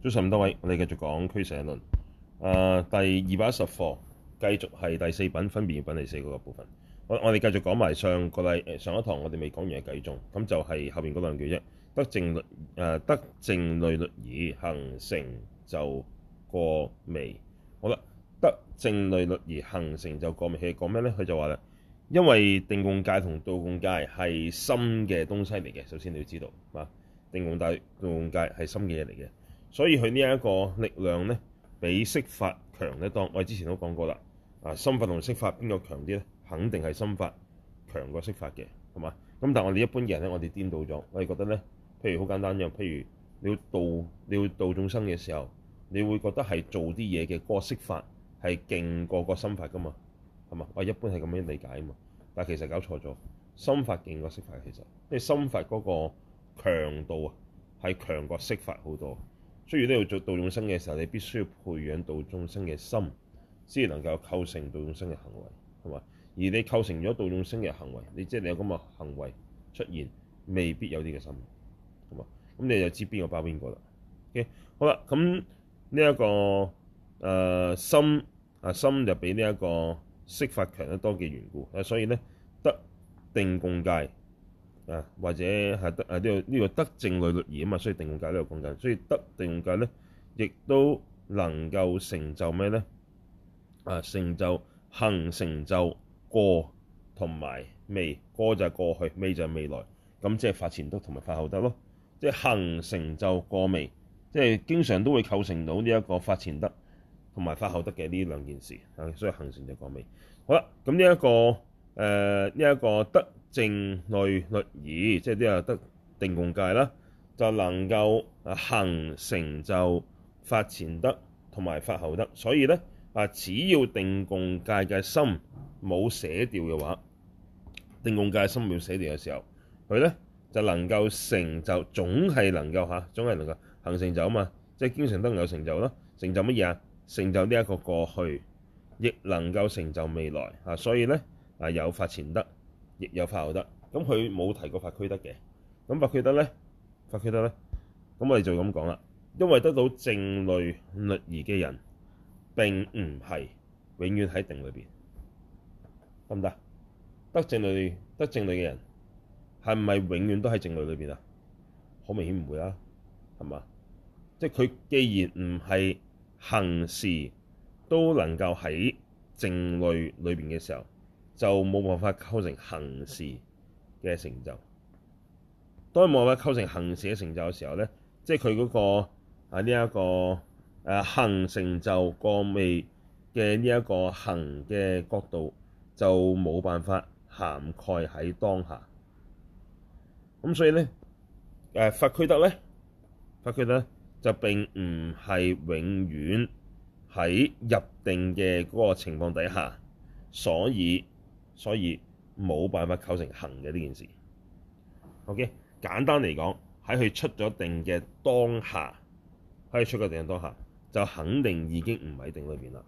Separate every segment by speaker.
Speaker 1: 早晨，各位，我哋繼續講《俱舍論》呃。誒，第二百一十課繼續係第四品，分別業品第四個部分。我我哋繼續講埋上個禮誒、呃，上一堂我哋未講完嘅偈頌。咁就係後邊嗰兩句啫。得靜慮誒、呃，得靜慮律儀恆成就過未。好啦，得靜慮律儀恆成就過未，其實講咩咧？佢就話咧，因為定共戒同道共戒係心嘅東西嚟嘅。首先你要知道啊，定共戒、道共戒係心嘅嘢嚟嘅。所以佢呢一個力量咧，比色法強得多。當我哋之前都講過啦，啊，心法同色法邊個強啲咧？肯定係心法強過色法嘅，係嘛？咁但係我哋一般嘅人咧，我哋顛倒咗，我哋覺得咧，譬如好簡單嘅，譬如你要度你要度眾生嘅時候，你會覺得係做啲嘢嘅個色法係勁過個心法噶嘛，係嘛？我一般係咁樣理解啊嘛，但係其實搞錯咗，心法勁過色法，其實因為心法嗰個強度啊，係強過色法好多。所以呢，要做度眾生嘅時候，你必須要培養度眾生嘅心，先能夠構成度眾生嘅行為，係嘛？而你構成咗度眾生嘅行為，你即係有咁嘅行為出現，未必有呢個心，係嘛？咁你就知邊個包邊個啦。OK，好啦，咁呢一個誒心啊，心就比呢一個色法強得多嘅緣故，所以咧得定共戒。啊，或者係得啊呢、這個呢、這個得靜慮律儀啊嘛，所以定戒呢、這個講緊，所以得定戒咧，亦都能夠成就咩咧？啊，成就恆成就過同埋未。過就係過去，未就係未來，咁、嗯、即係法前得同埋法後得咯。即係恆成就過未，即係經常都會構成到呢一個法前得同埋法後得嘅呢兩件事。啊，所以恆成就過未，好啦，咁呢一個誒呢一個得。靜慮律儀，即係呢個得定共戒啦，就能夠啊恆成就法前得同埋法後得。所以咧啊，只要定共戒嘅心冇捨掉嘅話，定共戒心冇捨掉嘅時候，佢咧就能夠成就，總係能夠嚇，總係能夠恆成就啊嘛。即係經常都有成就咯，成就乜嘢啊？成就呢一個過去，亦能夠成就未來啊。所以咧啊，有法前得。亦有法後得，咁佢冇提過法區得俱嘅，咁法俱得咧，法俱得咧，咁我哋就咁講啦，因為得到靜慮律儀嘅人並唔係永遠喺定裏邊，得唔得？得靜慮得靜慮嘅人係咪永遠都喺靜慮裏邊啊？好明顯唔會啦，係嘛？即係佢既然唔係行事都能夠喺靜慮裏邊嘅時候。就冇辦法構成恆時嘅成就，當冇辦法構成恆時嘅成就嘅時候咧，即係佢嗰個啊呢一、這個誒、啊、恆成就過未嘅呢一個恆嘅角度就冇辦法涵蓋喺當下，咁所以咧誒、啊、法俱得咧，法俱得就並唔係永遠喺入定嘅嗰個情況底下，所以。所以冇辦法構成恆嘅呢件事。OK，簡單嚟講，喺佢出咗定嘅當下，喺佢出咗定嘅當下，就肯定已經唔喺定裏邊啦，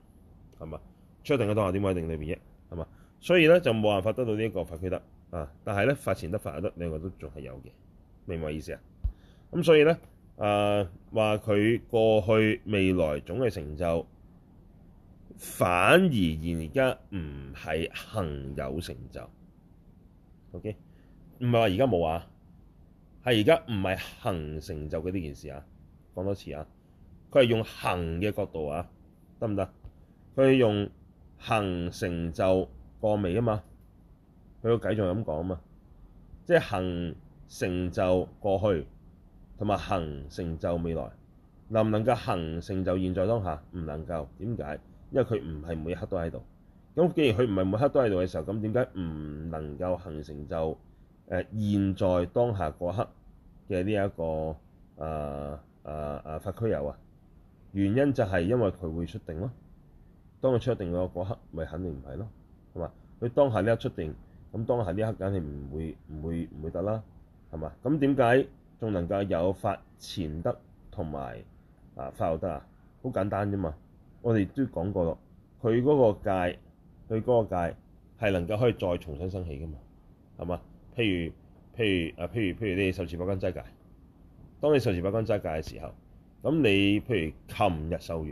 Speaker 1: 係嘛？出定嘅當下點會喺定裏邊啫，係嘛？所以咧就冇辦法得到呢一個法區得啊，但係咧發前得發得，兩個都仲係有嘅，明唔明意思啊？咁所以咧誒話佢過去未來總嘅成就。反而而家唔係恆有成就，OK？唔係話而家冇啊，係而家唔係恆成就嘅呢件事啊。講多次啊，佢係用恆嘅角度啊，得唔得？佢係用恆成就過未啊嘛？佢個計仲咁講啊嘛，即係恆成就過去，同埋恆成就未來，能唔能夠恆成就現在當下？唔能夠，點解？因為佢唔係每一刻都喺度，咁既然佢唔係每一刻都喺度嘅時候，咁點解唔能夠恆成就誒、呃、現在當下嗰刻嘅呢一個、呃呃、啊啊啊法俱得啊？原因就係因為佢會出定咯。當佢出定嗰刻，咪肯定唔係咯，係嘛？佢當下呢一出定，咁當下呢一刻梗係唔會唔會唔會得啦，係嘛？咁點解仲能夠有法前得同埋啊法後得啊？好簡單啫嘛～我哋都講過咯，佢嗰個戒，佢嗰個戒係能夠可以再重新生起噶嘛，係嘛？譬如譬如啊，譬如譬如你受持八關齋戒，當你受持八關齋戒嘅時候，咁你譬如琴日受完，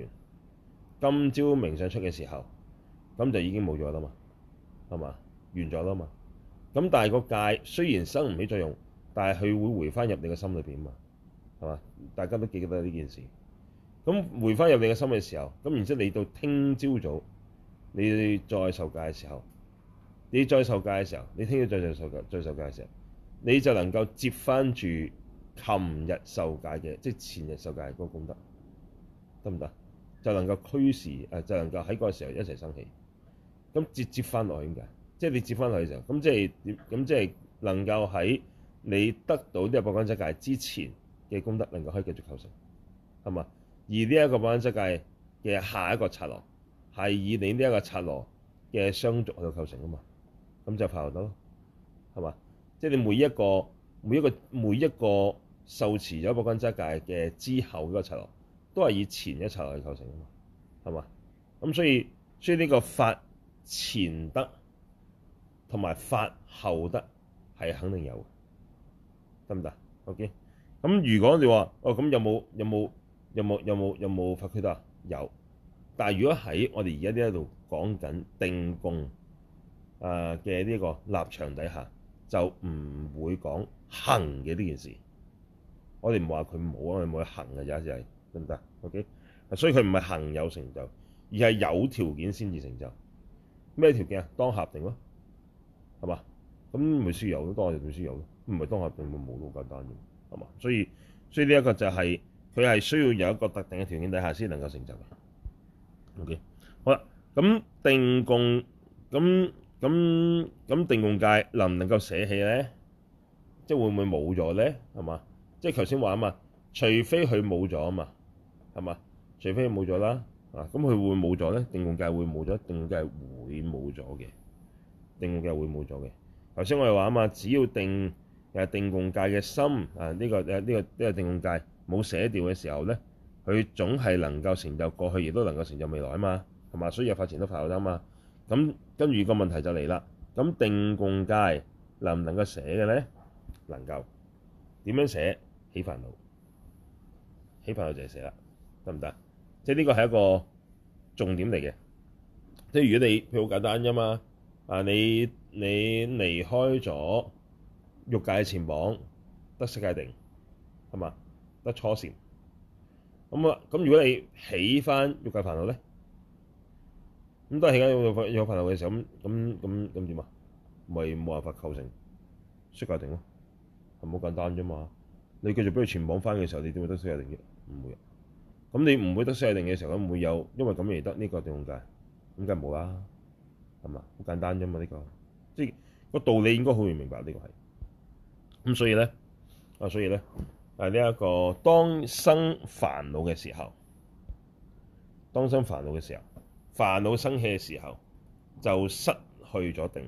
Speaker 1: 今朝明相出嘅時候，咁就已經冇咗啦嘛，係嘛？完咗啦嘛。咁但係個戒雖然生唔起作用，但係佢會回翻入你嘅心裏邊啊嘛，係嘛？大家都記得呢件事。咁回翻入你嘅心嘅時候，咁然之後，你到聽朝早，你再受戒嘅時候，你再受戒嘅時候，你聽朝再受受戒，再受戒嘅時候，你就能夠接翻住琴日受戒嘅，即係前日受戒嗰個功德，得唔得？就能夠驅使誒，就能夠喺嗰個時候一齊生氣。咁接接翻落去點解？即係你接翻落去嘅時候，咁即係咁即係能夠喺你得到呢啲八關齋戒之前嘅功德，能夠可以繼續求成係嘛？而呢一個品質界嘅下一個策落係以你呢一個策落嘅相續去構成啊嘛，咁就法後得咯，係嘛？即係你每一個每一個每一個受持咗品質界嘅之後嗰個策落，都係以前一策落去構成啊嘛，係嘛？咁所以所以呢個法前德同埋法後德係肯定有，得唔得？OK？咁如果你話哦，咁有冇有冇？有有冇有冇有冇法俱得啊？有，但係如果喺我哋而家呢一度講緊定共誒嘅呢一個立場底下，就唔會講恆嘅呢件事。我哋唔話佢冇啊，我冇恆嘅，而係得唔得？OK，所以佢唔係恆有成就，而係有條件先至成就。咩條件啊？當合定咯，係嘛？咁咪輸油咯，當我哋會輸油咯，唔係當合定咪冇咯，好簡單嘅，係嘛？所以所以呢一個就係、是。佢係需要有一個特定嘅條件底下先能夠成就嘅。OK，好啦，咁定共咁咁咁定共戒能唔能夠捨棄咧？即係會唔會冇咗咧？係嘛？即係頭先話啊嘛，除非佢冇咗啊嘛，係嘛？除非佢冇咗啦啊，咁佢會冇咗咧？定共戒會冇咗，定共戒會冇咗嘅，定共戒會冇咗嘅。頭先我哋話啊嘛，只要定誒定共戒嘅心啊，呢個誒呢個呢個定共戒。冇捨掉嘅時候咧，佢總係能夠成就過去，亦都能夠成就未來啊嘛，係嘛？所以有法前得都法後得啊嘛。咁跟住個問題就嚟啦。咁定共戒能唔能夠捨嘅咧？能夠點樣捨？起煩惱，起煩惱就係捨啦，得唔得？即係呢個係一個重點嚟嘅。即係如果你譬如好簡單啫嘛，啊你你離開咗欲界嘅纏綁，得色界定係嘛？得初禪，咁啊，咁如果你起翻欲界煩惱咧，咁都係起翻欲界欲界煩惱嘅時候，咁咁咁咁點啊？咪冇辦法構成色界定咯，係好簡單啫嘛。你繼續俾佢纏綁翻嘅時候，你點會得色界定嘅？唔會。咁你唔會得色界定嘅時候，咁唔會有，因為咁而得呢個境界，咁梗係冇啦，係嘛，好簡單啫嘛，呢個即係個道理應該好容易明白，呢個係。咁所以咧，啊所以咧。係呢一個當生煩惱嘅時候，當生煩惱嘅時候，煩惱生起嘅時候，就失去咗定，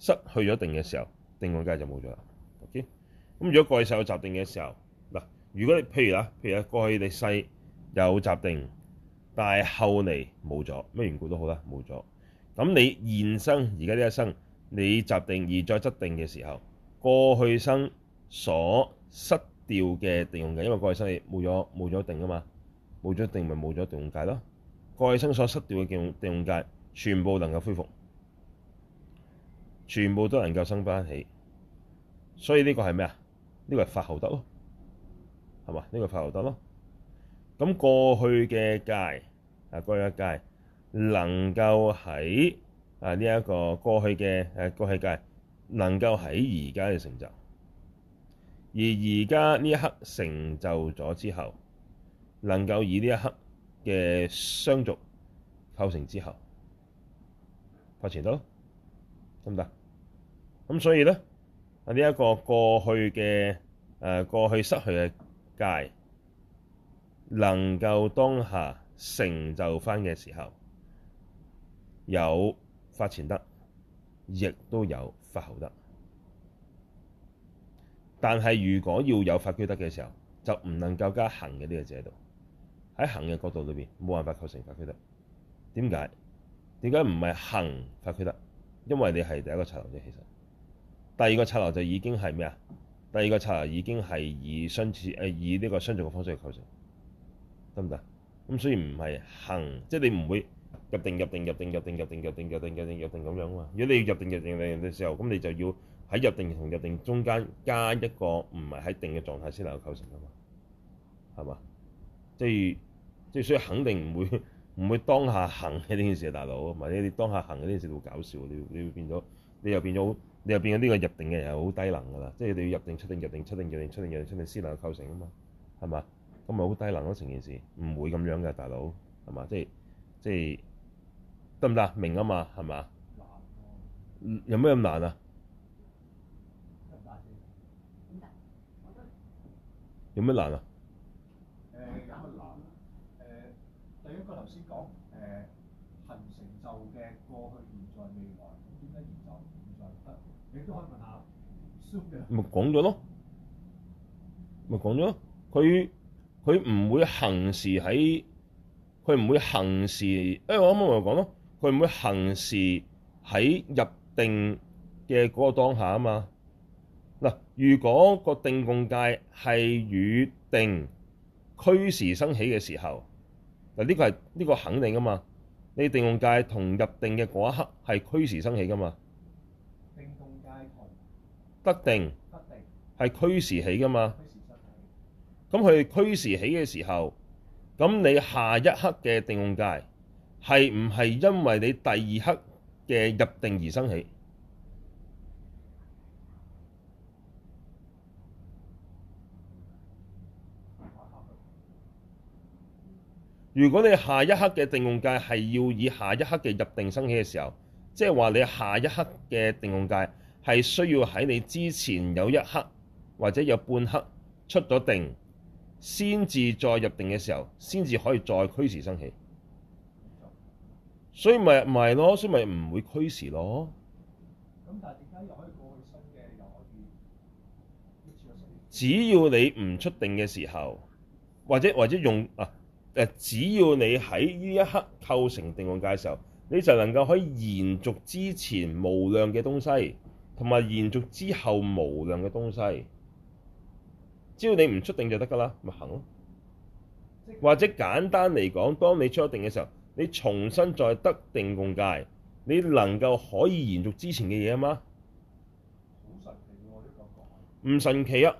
Speaker 1: 失去咗定嘅時候，定共戒就冇咗啦。O.K. 咁如果過去世有習定嘅時候，嗱，如果你譬如啦，譬如啦，如過去你世有習定，但係後嚟冇咗，咩緣故都好啦，冇咗。咁你現生而家呢一生，你習定而再執定嘅時候，過去生所失掉嘅定共戒，因為過去生冇咗冇咗定啊嘛，冇咗定咪冇咗定共戒咯。過去生所失掉嘅定共戒，全部能夠恢復，全部都能夠生返起。所以呢個係咩啊？呢個係法後得咯，係嘛？呢個法後得咯。咁過去嘅戒啊，過去嘅戒，戒能夠喺啊呢一個過去嘅誒過去戒能夠喺而家嘅成就。而而家呢一刻成就咗之後，能夠以呢一刻嘅相續構成之後法前得，得唔得？咁所以咧，喺呢一個過去嘅誒、呃、過去失去嘅戒，能夠當下成就翻嘅時候，有法前得，亦都有法後得。但係如果要有法俱得嘅時候，就唔能夠加恆嘅呢個字喺度。喺恆嘅角度裏邊，冇辦法構成法俱得。點解？點解唔係恆法俱得？因為你係第一個剎那啫，其實。第二個剎那就已經係咩啊？第二個剎那已經係以相處誒，以呢個相助嘅方式去構成，得唔得？咁所以唔係恆，即係你唔會入定入定入定入定入定入定入定入定入定咁樣啊。如果你要入定入定嘅時候，咁你就要。喺入定同入定中間加一個唔係喺定嘅狀態先能夠構成噶嘛，係嘛？即係即係所以肯定唔會唔會當下行嘅呢件事啊，大佬。唔係你啲當下行嘅呢件事好搞笑，你你變咗你又變咗你又變咗呢個入定嘅人係好低能噶啦。即係你要入定出定入定出定入定出定入定出定先能夠構成啊嘛，係嘛？咁咪好低能咯，成件事唔會咁樣嘅，大佬係嘛？即係即係得唔得？明啊嘛，係嘛？有咩咁難啊？有咩難啊？誒有乜難？誒第一個頭先講誒恆成就嘅過去、現在、未來，點解現在現在唔得？你都可以問下孫嘅。咪講咗咯，咪講咗。佢佢唔會恆時喺，佢唔會恆時。誒、欸、我啱啱咪講咯，佢唔會恆時喺入定嘅嗰個當下啊嘛。如果個定共戒係與定俱時生起嘅時候，嗱呢個係呢個肯定㗎嘛？你定共戒同入定嘅嗰一刻係俱時生起㗎嘛？定共戒同得定得定係俱時起㗎嘛？咁佢俱時起嘅時候，咁你下一刻嘅定共戒係唔係因為你第二刻嘅入定而生起？如果你下一刻嘅定共戒係要以下一刻嘅入定生起嘅時候，即係話你下一刻嘅定共戒係需要喺你之前有一刻或者有半刻出咗定，先至再入定嘅時候，先至可以再俱時生起。所以咪唔係咯，所以咪唔會俱時咯。只要你唔出定嘅時候，或者或者用啊。只要你喺呢一刻構成定共戒嘅時候，你就能夠可以延續之前無量嘅東西，同埋延續之後無量嘅東西。只要你唔出定就得㗎啦，咪行咯。或者簡單嚟講，當你出咗定嘅時候，你重新再得定共戒，你能夠可以延續之前嘅嘢吖嘛？好神奇喎！你唔神奇啊？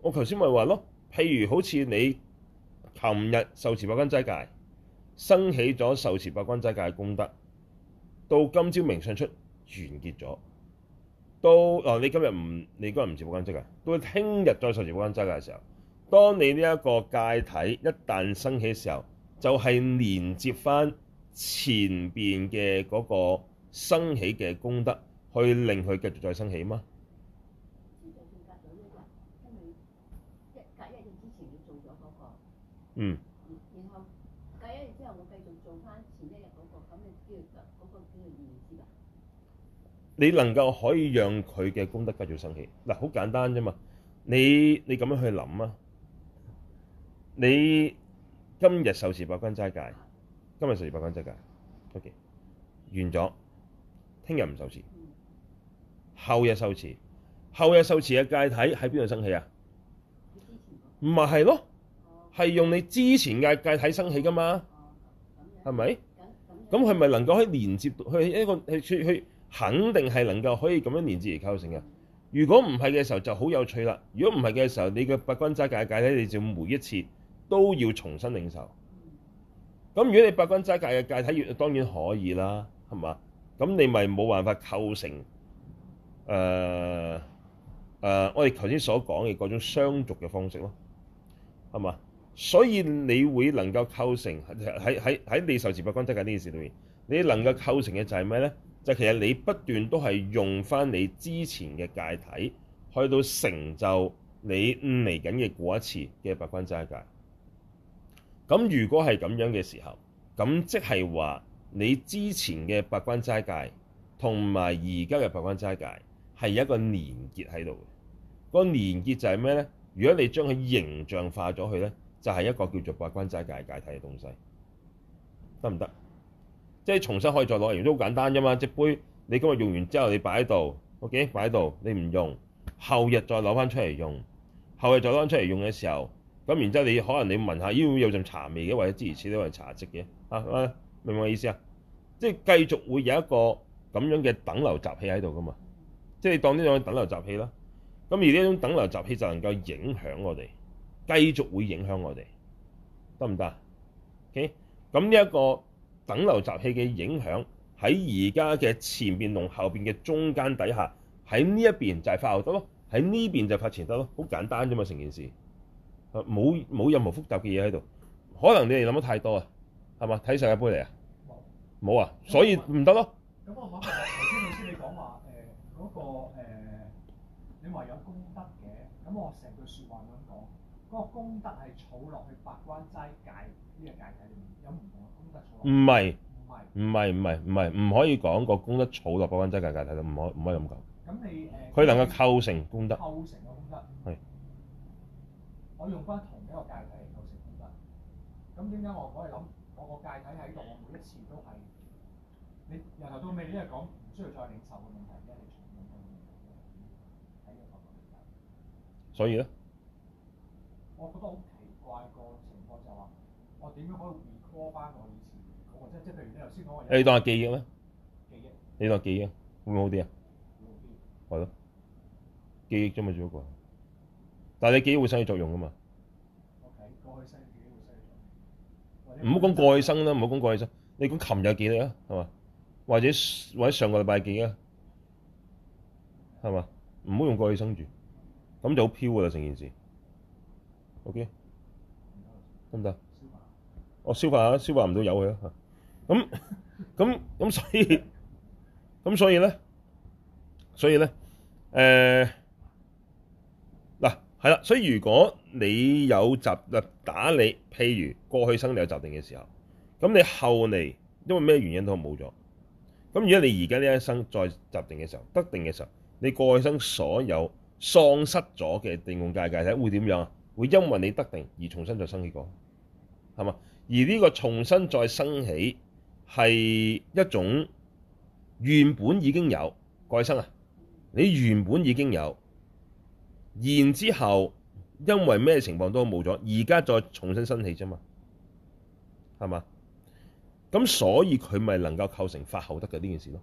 Speaker 1: 我頭先咪話咯，譬如好似你。尋日受持八關齋戒，升起咗受持八關齋戒嘅功德，到今朝明相出完結咗，到，哦，你今日唔，你嗰日唔持八關齋啊，到聽日再受持八關齋戒嘅時候，當你呢一個戒體一旦升起嘅時候，就係、是、連接翻前邊嘅嗰個升起嘅功德，去令佢繼續再升起嗎？嗯，然後第一日之後，我繼續做翻前一日嗰個，咁你知道嗰個叫完事啦。你能夠可以讓佢嘅功德繼續生起，嗱、啊、好簡單啫嘛。你你咁樣去諗啊？你今日受持八關齋戒，今，百今百、okay. 嗯、日受持八關齋戒，得嘅完咗，聽日唔受持，後日受持，後日受持嘅戒體喺邊度生起啊？唔係係咯？係用你之前嘅戒體生起噶嘛？係咪、嗯？咁佢咪能夠可以連接去一個去去肯定係能夠可以咁樣連接而構成嘅？如果唔係嘅時候就好有趣啦！如果唔係嘅時候，你嘅八關齋戒嘅戒體，你就每一次都要重新領受。咁、嗯、如果你八關齋戒嘅戒體越當然可以啦，係嘛？咁你咪冇辦法構成誒誒、呃呃呃，我哋頭先所講嘅嗰種雙族嘅方式咯，係嘛？所以你會能夠構成喺喺喺你受持八關齋戒呢件事裏面，你能夠構成嘅就係咩咧？就其實你不斷都係用翻你之前嘅戒體去到成就你嚟緊嘅過一次嘅八關齋戒。咁如果係咁樣嘅時候，咁即係話你之前嘅八關齋戒同埋而家嘅八關齋戒係一個連結喺度嘅。個連結就係咩咧？如果你將佢形象化咗去咧。就係一個叫做白關稅界解體嘅東西，得唔得？即係重新可以再攞嚟都好簡單啫嘛。隻杯你今日用完之後你、OK?，你擺喺度，OK，擺喺度，你唔用，後日再攞翻出嚟用，後日再攞翻出嚟用嘅時候，咁然之後你可能你聞下，咦，有陣茶味嘅，或者之如此類茶漬嘅，啊，明唔明我意思啊？即係繼續會有一個咁樣嘅等流習氣喺度噶嘛，即係你當呢種等流習氣啦。咁而呢種等流習氣就能夠影響我哋。繼續會影響我哋，得唔得？o k 咁呢一個等流集氣嘅影響喺而家嘅前邊同後邊嘅中間底下，喺呢一邊就係化後得咯，喺呢邊就發前得咯，好簡單啫嘛成件事，冇冇任何複雜嘅嘢喺度，可能你哋諗得太多啊，係嘛？睇世界杯嚟啊，冇冇啊，了所以唔得咯。咁我可能頭先老師你講話誒嗰個、呃、你話有功德嘅，咁我成句説話咁講。個功德係儲落去八關齋戒，呢、這個戒體裏面有唔同嘅功德儲。唔係，唔係，唔係，唔係，唔係，唔可以講個功德儲落八關齋戒戒體度，唔可唔可以咁講。咁你誒，佢、呃、能夠構成功德？是構成個功德。係。我用翻同一個戒體嚟構成功德。咁點解我可以諗我個戒體喺度，我每一次都係你由頭到尾，因為講需要再領受嘅問題。你所以咧？我覺得好奇怪個情況就話，我點樣可以 recall 翻我以前？或者即係譬如你頭先講，誒，你當係記憶咩？記憶，你當係記憶會唔會好啲啊？係咯，記憶啫嘛，做一個，但係你記憶會有作用噶嘛？OK，過去生記憶會，唔好講過去生啦，唔好講過去生，你講琴日記啊，係嘛？或者或者上個禮拜記啊，係嘛？唔好用過去生住，咁就好飄噶啦，成件事。O K，得唔得？我 Okay.、oh, 消化消化唔到由佢啦。咁咁咁，所以咁所以咧，所以咧，誒嗱係啦。所以如果你有習定打你，譬如過去生你有習定嘅時候，咁你後嚟因為咩原因都冇咗，咁如果你而家呢一生再習定嘅時候得定嘅時候，你過去生所有喪失咗嘅定共戒戒體會點樣啊？會因為你得定而重新再生起過，係嘛？而呢個重新再生起係一種原本已經有，各位生啊，你原本已經有，然之後因為咩情況都冇咗，而家再重新生起啫嘛，係嘛？咁所以佢咪能夠構成法後得嘅呢件事咯？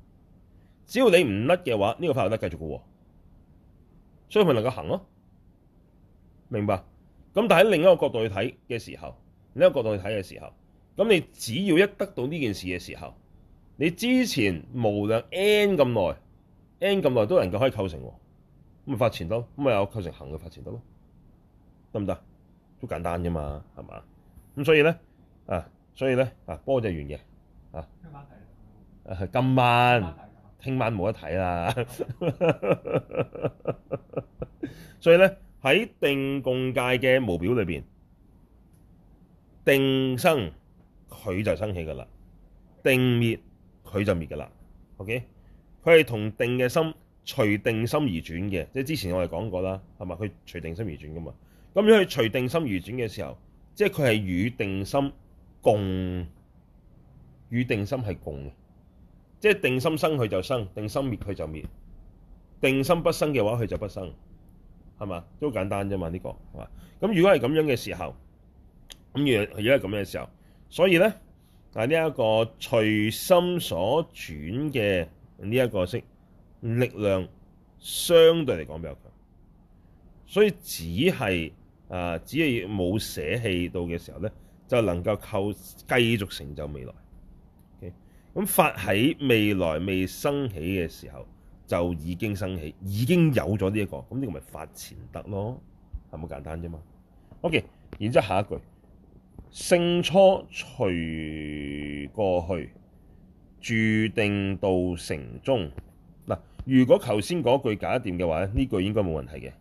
Speaker 1: 只要你唔甩嘅話，呢、這個法後得繼續嘅喎，所以佢能夠行咯，啊，明白？咁但喺另一個角度去睇嘅時候，另一個角度去睇嘅時候，咁你只要一得到呢件事嘅時候，你之前無量 n 咁耐，n 咁耐都能夠可以構成喎，咁咪法前得，咁咪有個構成行嘅法前得咯，得唔得？都簡單啫嘛，係嘛？咁所以咧啊，所以咧啊，波就完嘅啊，今晚，聽晚冇得睇啊， 所以咧。喺定共戒嘅無表裏邊，定生佢就生起噶啦，定滅佢就滅噶啦。OK，佢係同定嘅心隨定心而轉嘅，即係之前我哋講過啦，係嘛？佢隨定心而轉噶嘛？咁樣佢隨定心而轉嘅時候，即係佢係與定心共，與定心係共嘅，即係定心生佢就生，定心滅佢就滅，定心不生嘅話佢就不生。係嘛？都、這個、簡單啫嘛，呢個係嘛？咁如果係咁樣嘅時候，咁如如果係咁樣嘅時候，所以咧，但係呢一個隨心所轉嘅呢一個色力量，相對嚟講比較強。所以只係啊、呃，只係冇捨棄到嘅時候咧，就能夠靠繼續成就未來。咁、okay? 法喺未來未生起嘅時候。就已經生起，已經有咗呢一個，咁呢個咪法前得咯，係咪簡單啫嘛。OK，然之後下一句，聖初除過去，住定道成中。嗱，如果頭先嗰句搞掂嘅話咧，呢句應該冇問題嘅。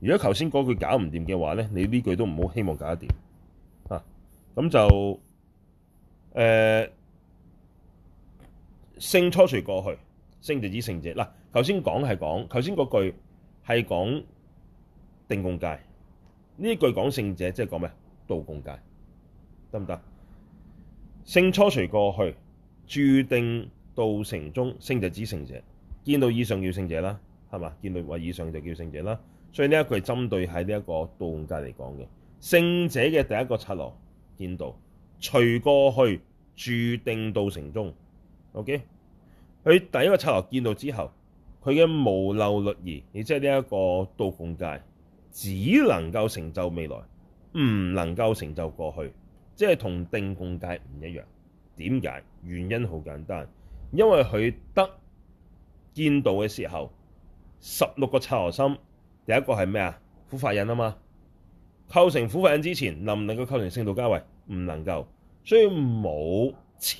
Speaker 1: 如果頭先嗰句搞唔掂嘅話咧，你呢句都唔好希望搞掂。吓，咁就誒，聖、呃、初除過去，聖就指聖者，嗱。頭先講，係講頭先嗰句係講定共戒。呢句講聖者，即係講咩，道共戒得唔得？聖初除過去，住定道成中。聖就指聖者，見道以上叫聖者啦，係嘛？見道或以上就叫聖者啦。所以呢一句係針對喺呢一個道共戒嚟講嘅。聖者嘅第一個剎那見道，除過去，住定道成中。OK，佢第一個剎那見道之後，佢嘅無漏律儀，亦即係呢一個道共戒，只能夠成就未來，唔能夠成就過去，即係同定共戒唔一樣。點解？原因好簡單，因為佢得見道嘅時候，十六個剎那心，第一個係咩啊？苦法忍啊嘛，構成苦法忍之前，能唔能夠構成聖道交匯？唔能夠，所以冇前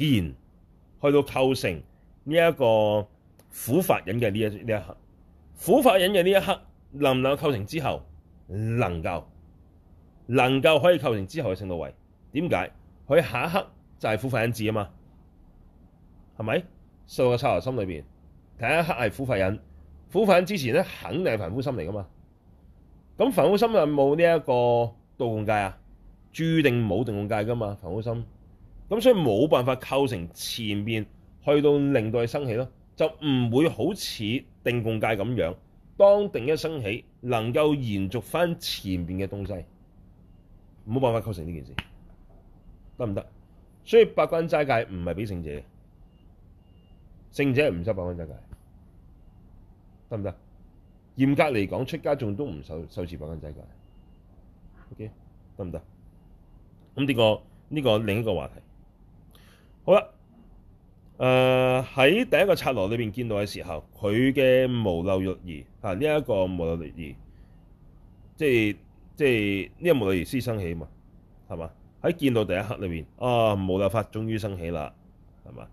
Speaker 1: 去到構成呢一個。苦法忍嘅呢一呢一刻，苦法忍嘅呢一刻，能唔能夠構成之後，能夠，能夠可以構成之後嘅聖道位？點解？佢下一刻就係苦法忍字啊嘛，係咪？所到嘅剎那心裏邊，第一刻係苦法忍，苦法忍之前咧，肯定係凡夫心嚟噶嘛。咁凡夫心有冇呢一個道共戒啊？注定冇定共戒噶嘛，凡夫心。咁所以冇辦法構成前面，去到令到佢生起咯。就唔會好似定共戒咁樣，當定一生起，能夠延續翻前面嘅東西，冇辦法構成呢件事，得唔得？所以八關齋戒唔係俾聖者，聖者唔受八關齋戒，得唔得？嚴格嚟講，出家仲都唔受受持八關齋戒，OK，得唔得？咁呢個、呢個另一個話題，好啦。誒喺、呃、第一個剎那裏邊見到嘅時候，佢嘅無漏律儀啊，呢、這、一個無漏律儀，即係即係呢一個無漏律儀先生起啊嘛，係嘛？喺見到第一刻裏邊啊，無漏法終於生起啦，係嘛？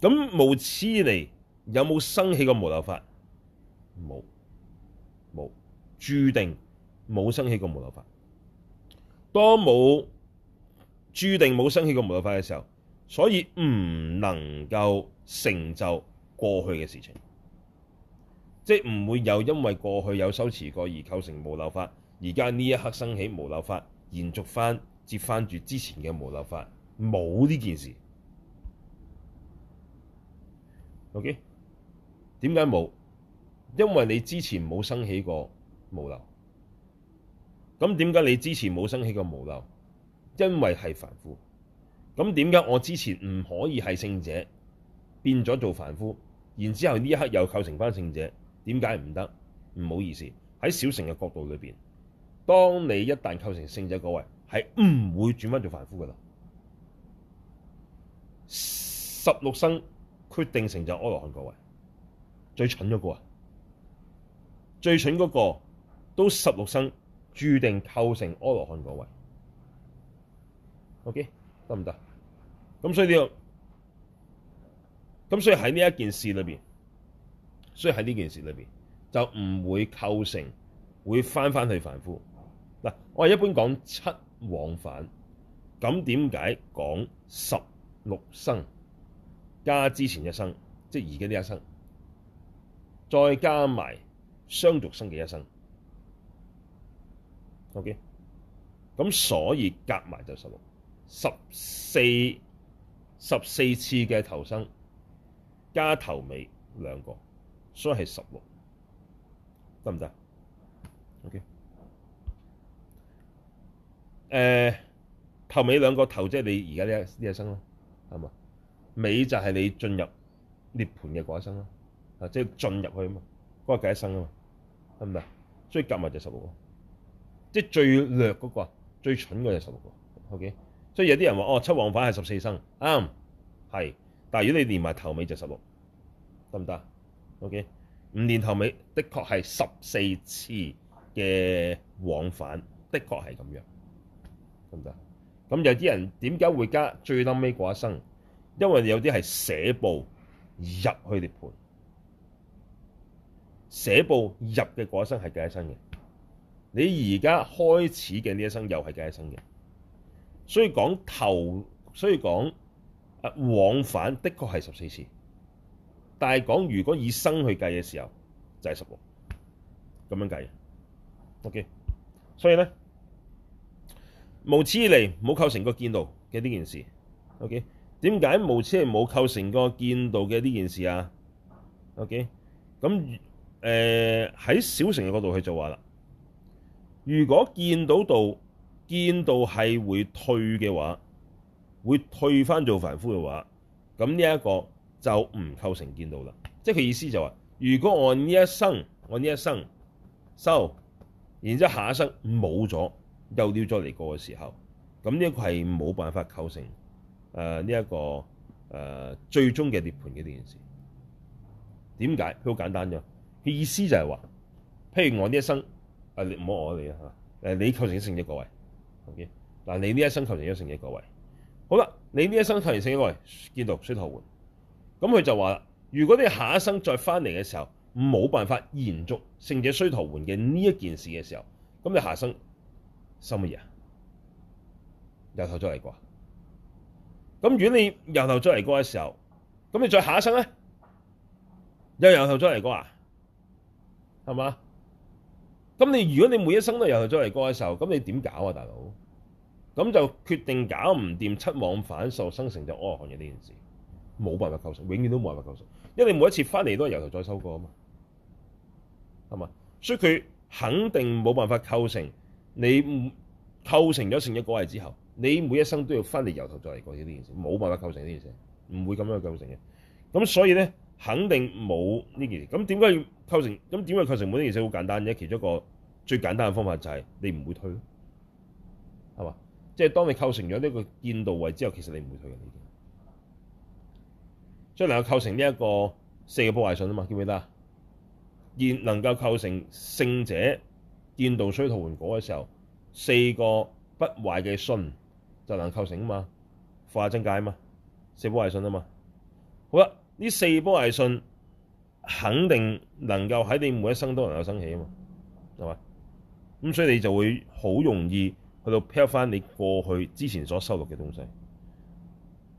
Speaker 1: 咁無始嚟有冇生起過無漏法？冇冇，注定冇生起過無漏法。當冇注定冇生起過無漏法嘅時候。所以唔能夠成就過去嘅事情，即唔會有因為過去有修持過而構成無漏法，而家呢一刻生起無漏法，延續翻接翻住之前嘅無漏法，冇呢件事。OK，點解冇？因為你之前冇生起過無漏。咁點解你之前冇生起過無漏？因為係凡夫。咁點解我之前唔可以係聖者變咗做凡夫，然之後呢一刻又構成翻聖者？點解唔得？唔好意思，喺小乘嘅角度裏邊，當你一旦構成聖者嗰位，係唔會轉翻做凡夫嘅啦。十六生決定成就阿羅漢嗰位，最蠢嗰個，最蠢嗰個都十六生注定構成阿羅漢嗰位。OK。得唔得？咁所以呢、呢個，咁所以喺呢一件事裏邊，所以喺呢件事裏邊就唔會構成會返返去凡夫嗱。我係一般講七往返，咁點解講十六生？加之前一生，即係而家呢一生，再加埋雙續生嘅一生。OK，咁所以夾埋就十六。十四十四次嘅投生，加頭尾兩個，所以係十六，得唔得？OK，誒、呃、頭尾兩個，頭即係你而家呢一生啦，係嘛？尾就係你進入涅盤嘅嗰一生啦，啊，即、就、係、是、進入去啊嘛，嗰、那個計一生啊嘛，係咪啊？所以夾埋就十六喎，即係最劣嗰、那個、最蠢嘅就十六個。OK。所以有啲人話：哦，七往返係十四生，啱、嗯、係。但係如果你連埋頭尾就十六，得唔得？OK，唔連頭尾的確係十四次嘅往返，的確係咁樣，得唔得？咁有啲人點解會加最臨尾嗰一生？因為有啲係捨報入去涅槃，捨報入嘅嗰一生係計一生嘅。你而家開始嘅呢一生又係計一生嘅。所以講頭，所以講啊往返的確係十四次，但係講如果以生去計嘅時候，就係十六，咁樣計。OK，所以咧無始以嚟冇構成個見道嘅呢件事。OK，點解無始以嚟冇構成個見道嘅呢件事啊？OK，咁誒喺小城嘅角度去做話啦，如果見到道，見道係會退嘅話，會退翻做凡夫嘅話，咁呢一個就唔構成見道啦。即係佢意思就話，如果我呢一生，我呢一生修，然之後下一生冇咗，又要咗嚟過嘅時候，咁呢一個係冇辦法構成誒呢一個誒、呃、最終嘅涅槃嘅呢件事。點解？佢好簡單啫。佢意思就係話，譬如我呢一生，你唔好我你啊，誒、呃、你構成成就各位。嗱，okay? 你呢一生求成咗個聖者，個位，好啦，你呢一生求成聖者，個位，見道須陀洹，咁佢就話啦，如果你下一生再翻嚟嘅時候，冇辦法延續聖者須陀洹嘅呢一件事嘅時候，咁你下一生收乜嘢啊？由頭再嚟過，咁如果你由頭再嚟過嘅時候，咁你再下一生咧，又由頭再嚟過啊？係嘛？咁你如果你每一生都由頭再嚟過嘅時候，咁你點搞啊，大佬？咁就決定搞唔掂七網反數生成就惡行嘅呢件事，冇辦法構成，永遠都冇辦法構成，因為你每一次翻嚟都係由頭再收過啊嘛，係嘛？所以佢肯定冇辦法構成，你構成咗成一過嚟之後，你每一生都要翻嚟由頭再嚟過呢件事，冇辦法構成呢件事，唔會咁樣去構成嘅。咁所以咧，肯定冇呢件事。咁點解要構成？咁點解構成？每呢件事好簡單啫？其中一個最簡單嘅方法就係你唔會退咯，係嘛？即係當你構成咗呢個見道位之後，其實你唔會退嘅。已經，將能夠構成呢一個四個波壞信啊嘛，記唔記得啊？而能夠構成聖者見道須陀洹果嘅時候，四個不壞嘅信就能構成啊嘛，化增解啊嘛，四波壞信啊嘛。好啦，呢四波壞信肯定能夠喺你每一生都能夠生起啊嘛，係嘛？咁所以你就會好容易。去到拋翻你過去之前所收落嘅東西，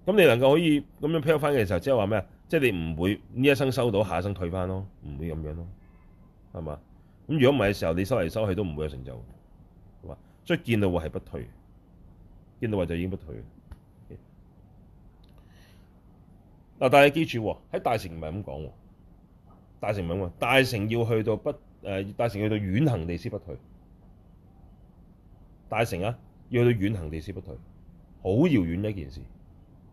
Speaker 1: 咁你能夠可以咁樣拋翻嘅時候，即係話咩啊？即係你唔會呢一生收到，下一生退翻咯，唔會咁樣咯，係嘛？咁如果唔係嘅時候，你收嚟收去都唔會有成就，係嘛？所以見道位係不退，見道位就已經不退。嗱，但係記住喎，喺大乘唔係咁講，大乘唔係喎，大乘要去到不誒、呃，大乘要去到遠行地先不退。大成啊！要去到遠行地先不退，好遙遠一件事，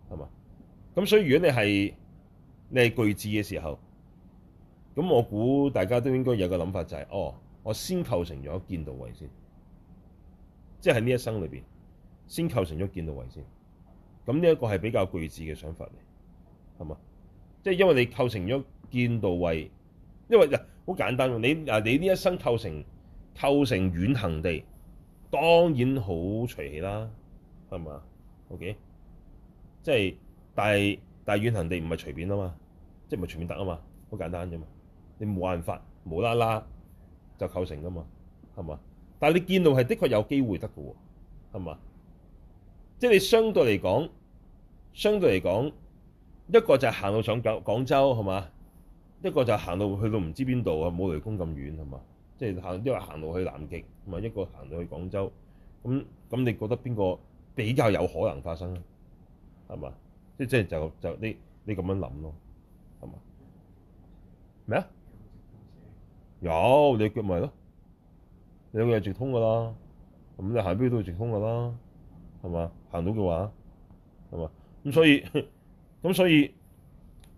Speaker 1: 係嘛？咁所以如果你係你係巨智嘅時候，咁我估大家都應該有個諗法，就是，就係哦，我先構成咗見道位先，即係喺呢一生裏邊先構成咗見道位先。咁呢一個係比較巨智嘅想法嚟，係嘛？即係因為你構成咗見道位，因為好簡單你啊，你呢一生構成構成遠行地。當然好隨氣啦，係嘛？OK，即係但係但係遠行地唔係隨便啊嘛，即係唔係隨便得啊嘛，好簡單啫嘛。你冇辦法無啦啦就構成噶嘛，係嘛？但係你見到係的確有機會得㗎喎，係嘛？即係你相對嚟講，相對嚟講，一個就係行到上廣廣州，係嘛？一個就係行到去到唔知邊度啊，冇雷公咁遠，係嘛？即係行，因為行路去南極同埋一個行路去廣州，咁咁你覺得邊個比較有可能發生咧？係嘛？即係即係就就你你咁樣諗咯，係嘛？咩啊？有你腳咪咯，你腳係直通噶啦，咁你行邊度都直通噶啦，係嘛？行到嘅話，係嘛？咁所以咁 所以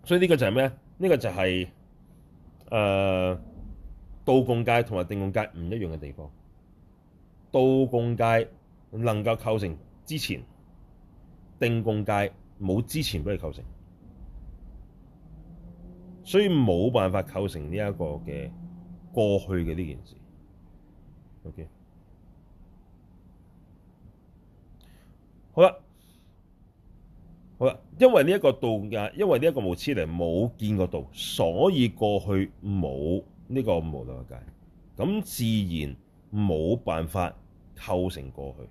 Speaker 1: 所以呢個就係咩咧？呢個就係誒。呃道共戒同埋定共戒唔一樣嘅地方，道共戒能夠構成之前，定共戒冇之前俾你構成，所以冇辦法構成呢一個嘅過去嘅呢件事。OK，好啦，好啦，因為呢一個道啊，因為呢一個無始嚟冇見過道，所以過去冇。呢個無漏戒，咁自然冇辦法構成過去。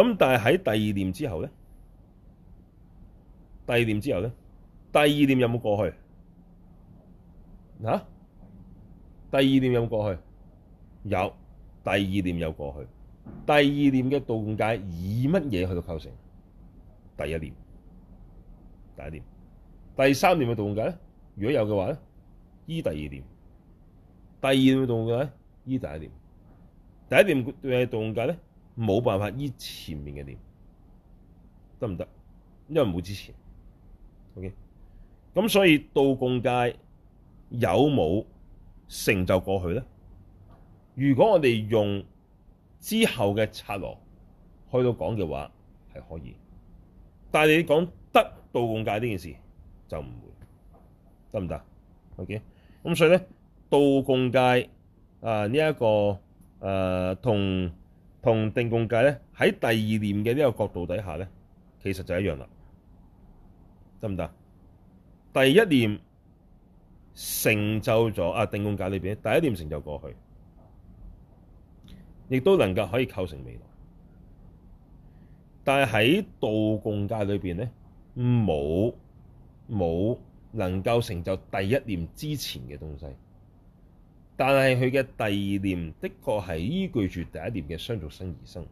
Speaker 1: 咁但係喺第二念之後咧，第二念之後咧，第二念有冇過去？吓、啊？第二念有冇過去？有。第二念有過去。第二念嘅道戒以乜嘢去到構成？第一念，第一念。第三念嘅道共戒咧？如果有嘅話咧，依第二念。第二念嘅道共戒咧，依第一念。第一念嘅道共戒咧，冇辦法依前面嘅念，得唔得？因為冇支持。O K，咁所以道共戒有冇成就過去咧？如果我哋用之後嘅策略去到講嘅話，係可以。但係你講得道共戒呢件事？就唔會得唔得？OK，咁所以咧，道共戒啊呢一個誒、呃、同同定共戒咧，喺第二念嘅呢個角度底下咧，其實就一樣啦，得唔得？第一念成就咗啊，定共戒裏邊，第一念成就過去，亦都能夠可以構成未來。但係喺道共戒裏邊咧，冇。冇能夠成就第一念之前嘅東西，但係佢嘅第二念的確係依據住第一念嘅相續生而生，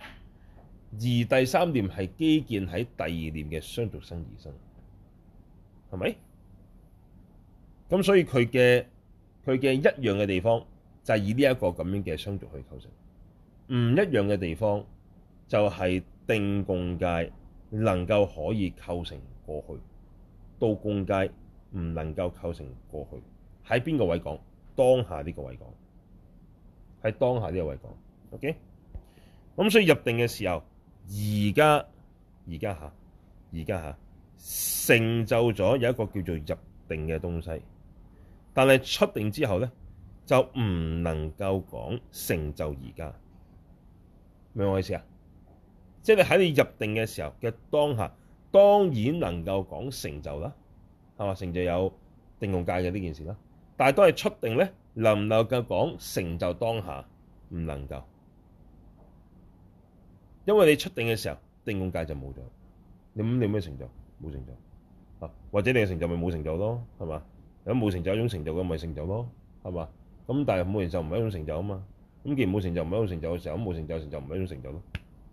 Speaker 1: 而第三念係基建喺第二念嘅相續生而生，係咪？咁所以佢嘅佢嘅一樣嘅地方就係以呢一個咁樣嘅相續去構成，唔一樣嘅地方就係定共戒能夠可以構成過去。.道共戒唔能夠構成過去，喺邊個位講？當下呢個位講，喺當下呢個位講。OK，咁所以入定嘅時候，而家、而家下、而家下成就咗有一個叫做入定嘅東西，但係出定之後咧，就唔能夠講成就而家。明我意思啊？即係你喺你入定嘅時候嘅當下。當然能夠講成就啦，係嘛？成就有定共戒嘅呢件事啦，但係都係出定咧，能唔能夠講成就當下？唔能夠，因為你出定嘅時候，定共戒就冇咗。你咁你冇咩成就？冇成就啊！或者你嘅成就咪冇成就咯，係嘛？有冇成就係一種成就嘅咪成就咯，係嘛？咁但係冇成就唔係一種成就啊嘛。咁既然冇成就唔係一種成就嘅時候，咁冇成就成就唔係一種成就咯，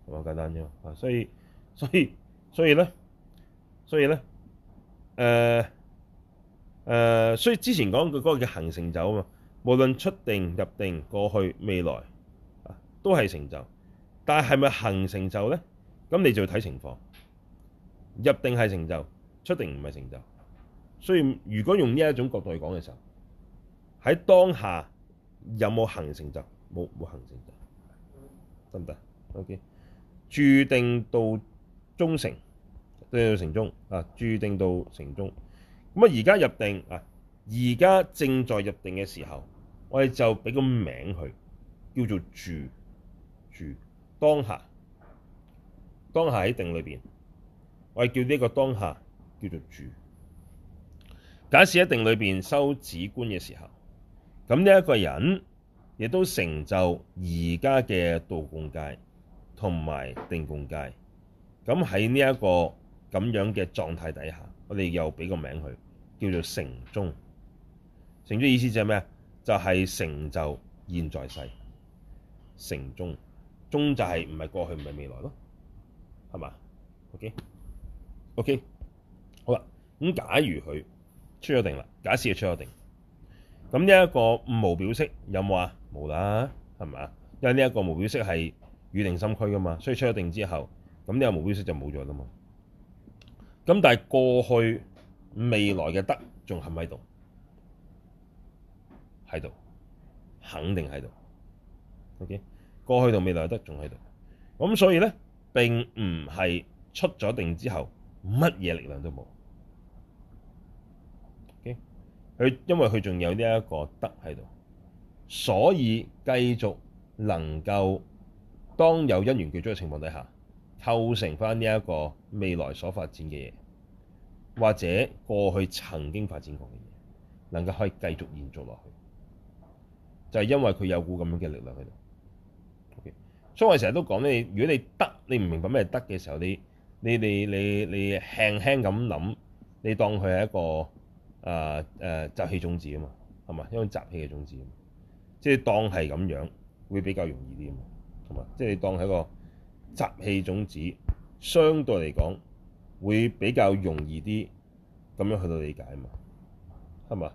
Speaker 1: 係嘛？簡單啫嘛。啊，所以所以所以咧。所以咧，誒、呃、誒、呃，所以之前講佢嗰個叫恆成就啊嘛，無論出定入定過去未來啊，都係成就。但係係咪恆成就咧？咁你就要睇情況。入定係成就，出定唔係成就。所以如果用呢一種角度嚟講嘅時候，喺當下有冇恆成就？冇冇恆成就？得唔得？OK，住定道成中。定道成中，啊，住定道成中。咁啊，而家入定啊，而家正在入定嘅時候，我哋就俾個名佢，叫做住住當下，當下喺定裏邊，我哋叫呢一個當下叫做住。假使喺定裏邊修止觀嘅時候，咁呢一個人亦都成就而家嘅道共戒、戒，同埋定共戒。咁喺呢一個。咁樣嘅狀態底下，我哋又俾個名佢叫做成中。成中意思就係咩啊？就係、是、成就現在世，成中，中就係唔係過去，唔係未來咯，係嘛？OK OK 好啦。咁假如佢出咗定啦，假設係出咗定，咁呢一個無表色有冇啊？冇啦，係咪啊？因為呢一個無表色係與定心俱噶嘛，所以出咗定之後，咁呢個無表色就冇咗啦嘛。咁但係過去未來嘅得仲喺唔喺度？喺度，肯定喺度。OK，過去同未來嘅得仲喺度。咁所以咧，並唔係出咗定之後乜嘢力量都冇。OK，佢因為佢仲有呢一個得喺度，所以繼續能夠當有因緣具足嘅情況底下。構成翻呢一個未來所發展嘅嘢，或者過去曾經發展過嘅嘢，能夠可以繼續延續落去，就係、是、因為佢有股咁樣嘅力量喺度。OK，所以我成日都講咧，如果你得，你唔明白咩得嘅時候，你你你你你，你輕輕咁諗，你當佢係一個啊誒習氣種子啊嘛，係嘛，因為習氣嘅種子，嘛，即係當係咁樣會比較容易啲啊嘛，係嘛，即係你當係一個。集氣種子相對嚟講會比較容易啲，咁樣去到理解嘛，係嘛？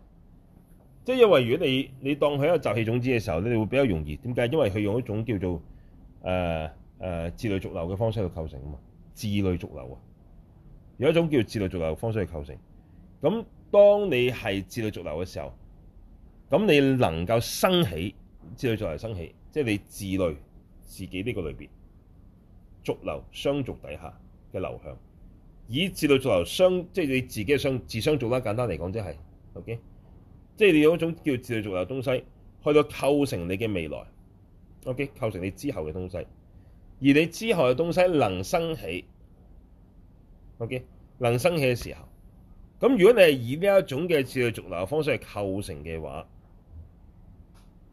Speaker 1: 即係因為如果你你當佢係一個集氣種子嘅時候咧，你會比較容易。點解？因為佢用一種叫做誒誒自類逐流嘅方式去構成啊嘛，自類逐流啊，有一種叫自類逐流嘅方式去構成。咁當你係自類逐流嘅時候，咁你能夠生起自類逐流生起，即係你自類自己呢個類別。逐流相逐底下嘅流向，以智力逐流相，即係你自己嘅相自相做啦。簡單嚟講，就是，即係 OK，即係你有一種叫智力逐流嘅東西，去到構成你嘅未來 o、OK? k 構成你之後嘅東西。而你之後嘅東西能升起，OK，能升起嘅時候，咁如果你係以呢一種嘅智力逐流嘅方式去構成嘅話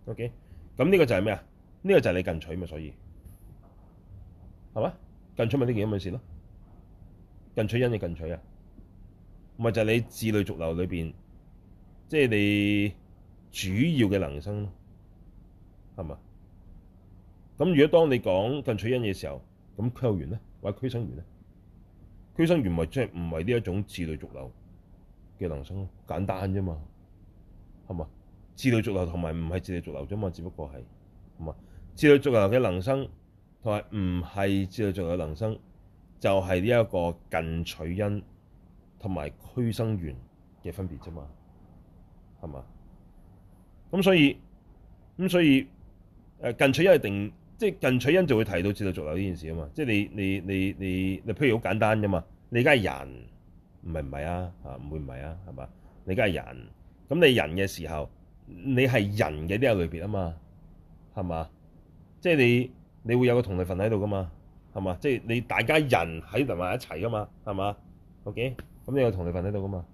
Speaker 1: o k 咁呢個就係咩啊？呢，這個就係你近取嘛，所以。係嘛？近取咪呢件咁嘅事咯，近取因嘅近取啊，咪就係、是，你自類逐流裏邊，即、就、係、是，你主要嘅能生咯，係嘛？咁如果當你講近取因嘅時候，咁區員咧，或者區生員咧，區生員咪係即係唔係呢一種自類逐流嘅能生咯，簡單啫嘛，係嘛？自類逐流同埋唔係自類逐流啫嘛，只不過係，係嘛？自類逐流嘅能生。唔係自動逐有能生，就係呢一個近取因同埋驅生緣嘅分別啫嘛，係嘛？咁所以咁所以誒近取因一定即係近取因就會提到自動逐有呢件事啊嘛，即係你你你你你，你你你你你譬如好簡單啫嘛，你而家係人唔係唔係啊？嚇唔會唔係啊？係嘛？你而家係人咁你人嘅時候，你係人嘅呢個類別啊嘛，係嘛？即係你。你會有個同類份喺度噶嘛？係嘛？即係你大家人喺同埋一齊噶嘛？係嘛？OK，咁、嗯、你有個同類份喺度噶嘛？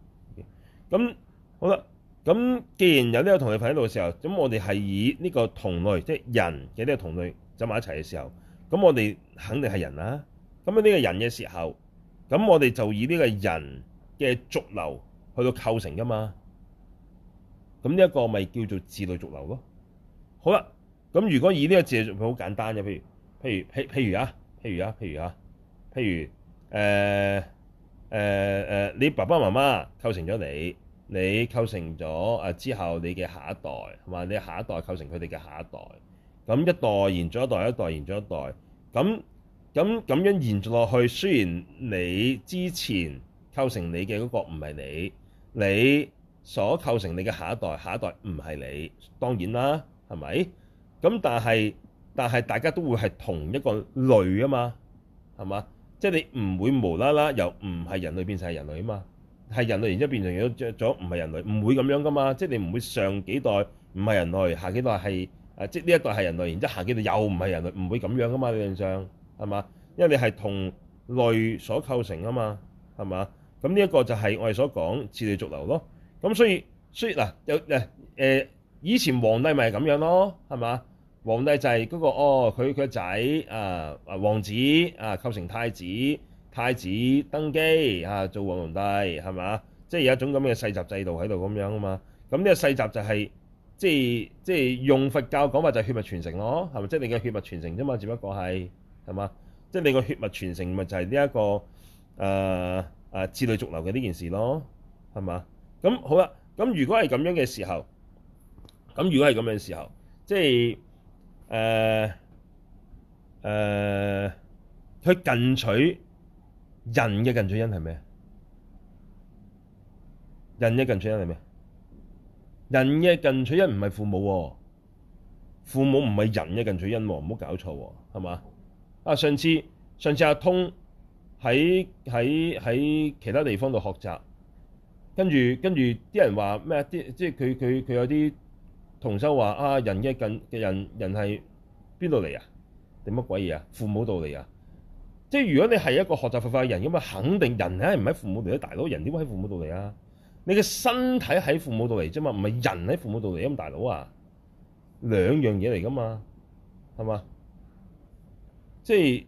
Speaker 1: 咁好啦，咁既然有呢個同類份喺度嘅時候，咁我哋係以呢個同類，即係人嘅呢個同類走埋一齊嘅時候，咁我哋肯定係人啦、啊。咁呢個人嘅時候，咁我哋就以呢個人嘅續流去到構成噶嘛？咁呢一個咪叫做自類續流咯。好啦。咁如果以呢個字就好簡單嘅。譬如譬如譬譬如啊，譬如啊，譬如啊，譬如誒誒誒，你爸爸媽媽構成咗你，你構成咗啊之後，你嘅下一代，係嘛？你下一代構成佢哋嘅下一代，咁一代延續一代，一代延續一代，咁咁咁樣延續落去，雖然你之前構成你嘅嗰個唔係你，你所構成你嘅下一代，下一代唔係你，當然啦，係咪？咁但係，但係大家都會係同一個類啊嘛，係嘛，嘛？即係你唔會無啦啦由唔係人類變曬係人類啊嘛，係人類然之後變成咗唔係人類，唔會咁樣噶嘛。即係你唔會上幾代唔係人類，下幾代係誒，即呢一代係人類，然之後下幾代又唔係人類，唔會咁樣噶嘛。你印象係嘛？因為你係同類所構成啊嘛，係嘛？咁呢一個就係我哋所講似地逐流咯。咁所以所以嗱有誒誒，以前皇帝咪係咁樣咯，係嘛？皇帝就係嗰、那個哦，佢佢個仔啊啊王子啊，構成太子，太子登基嚇、啊、做皇皇帝，係咪啊？即係有一種咁嘅世襲制度喺度咁樣啊嘛。咁、嗯、呢、這個世襲就係、是、即係即係用佛教講法就係血脈傳承咯，係咪？即係你嘅「血脈傳承啫嘛，只不過係係嘛？即係你個血脈傳承咪就係呢一個誒誒子女續流嘅呢件事咯，係嘛？咁、嗯、好啦、啊，咁、嗯、如果係咁樣嘅時候，咁如果係咁樣嘅時候，即係。誒誒，佢、uh, uh, 近取人嘅近取因係咩？人嘅近取因係咩？人嘅近取因唔係父母、啊，父母唔係人嘅近取因、啊，唔好搞錯、啊，係嘛？啊，上次上次阿通喺喺喺其他地方度學習，跟住跟住啲人話咩？啲即係佢佢佢有啲。同修話啊，人嘅近嘅人人係邊度嚟啊？定乜鬼嘢啊？父母度嚟啊？即係如果你係一個學習佛法嘅人，咁啊肯定人係唔喺父母度嚟，大佬人點會喺父母度嚟啊？你嘅身體喺父母度嚟啫嘛，唔係人喺父母度嚟，咁大佬啊，兩樣嘢嚟噶嘛，係嘛？即係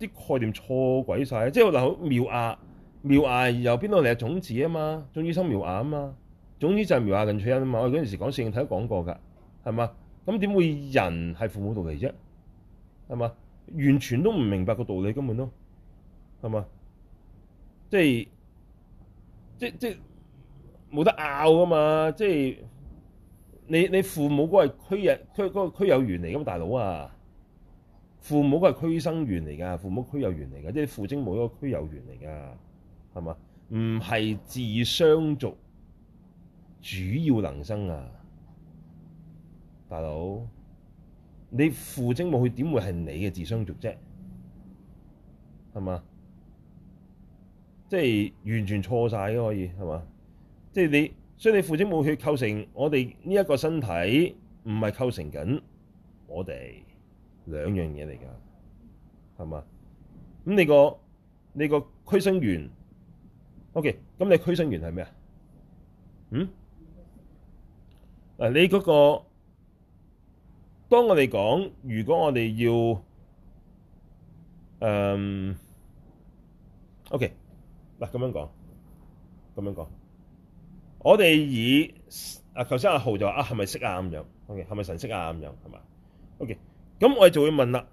Speaker 1: 啲概念錯鬼晒。即係嗱，苗芽苗芽由邊度嚟啊？種子啊嘛，種子生苗芽啊嘛、啊。總之就係苗亞近翠欣啊嘛。我嗰陣時講聖睇都講過㗎，係嘛？咁點會人係父母道理啫？係嘛？完全都唔明白個道理根本都，係嘛？即係即係即係冇得拗㗎嘛？即係你你父母嗰、嗰個係區有區嗰個區有緣嚟㗎，大佬啊！父母嗰係區生緣嚟㗎，父母區有緣嚟㗎，即係父精母一個區有緣嚟㗎，係嘛？唔係自相續。主要能生啊，大佬，你父精母血點會係你嘅自相續啫？係嘛？即係完全錯晒嘅，可以係嘛？即係你，所以你父精母血構成我哋呢一個身體，唔係構成緊我哋兩樣嘢嚟噶，係嘛？咁你個你個驅生源，OK，咁你驅生源係咩啊？嗯？嗱，你嗰、那個，當我哋講，如果我哋要，誒、嗯、OK，嗱咁樣講，咁樣講，我哋以，啊，頭先阿豪就話啊，係咪識啊？咁樣？OK，係咪神識啊咁樣？係嘛？OK，咁我哋就會問啦，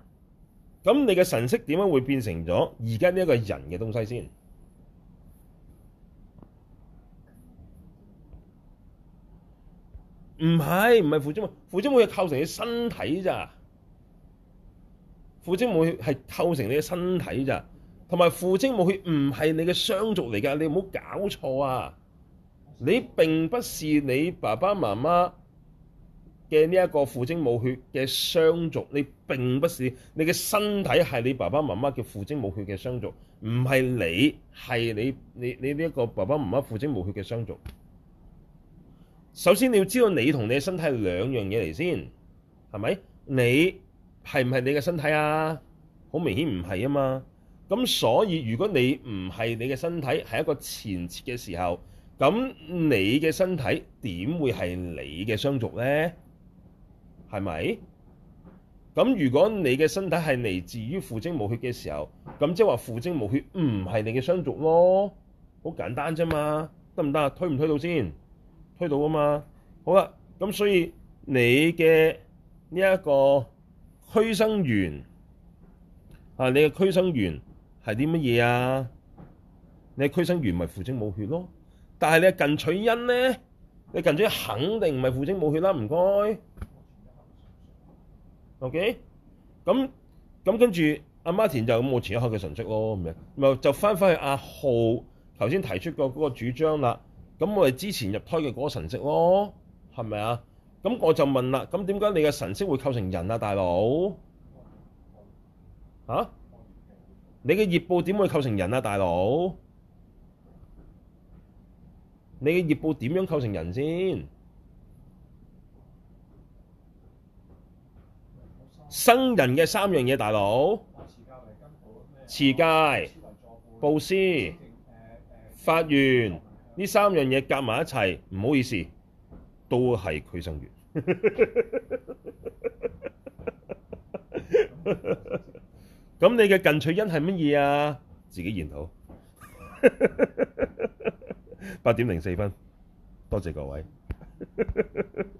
Speaker 1: 咁你嘅神識點樣會變成咗而家呢一個人嘅東西先？唔係唔係父精母血，父精母血構成你身體咋？父精母血係構成你嘅身體咋？同埋父精母血唔係你嘅雙族嚟㗎，你唔好搞錯啊！你並不是你爸爸媽媽嘅呢一個父精母血嘅雙族，你並不是你，嘅身體係你爸爸媽媽嘅父精母血嘅雙族，唔係你，係你你你呢一個爸爸媽媽父精母血嘅雙族。首先你要知道你你，你同你嘅身體係兩樣嘢嚟先，係咪？你係唔係你嘅身體啊？好明顯唔係啊嘛。咁所以如果你唔係你嘅身體，係一個前設嘅時候，咁你嘅身體點會係你嘅相續呢？係咪？咁如果你嘅身體係嚟自於父精母血嘅時候，咁即係話父精母血唔係你嘅相續咯。好簡單啫嘛，得唔得？推唔推到先？推到噶嘛？好啦，咁所以你嘅呢一個俱生緣啊，你嘅俱生緣係啲乜嘢啊？你嘅俱生緣咪父精母血咯。但係你嘅近取因咧，你近取肯定唔係父精母血啦，唔該。OK，咁咁跟住阿 Martin 就咁我前一刻嘅神識咯，咁樣咪就翻翻去阿浩頭先提出過嗰個主張啦。咁我哋之前入胎嘅嗰個神識咯，係咪啊？咁我就問啦，咁點解你嘅神識會構成人啊，大佬？嚇、啊？你嘅業報點會構成人啊，大佬？你嘅業報點樣構成人先？生人嘅三樣嘢，大佬。持戒、布施、發願。呢三樣嘢夾埋一齊，唔好意思，都係虧損完。咁你嘅近取因係乜嘢啊？自己研討。八 點零四分， 多謝各位。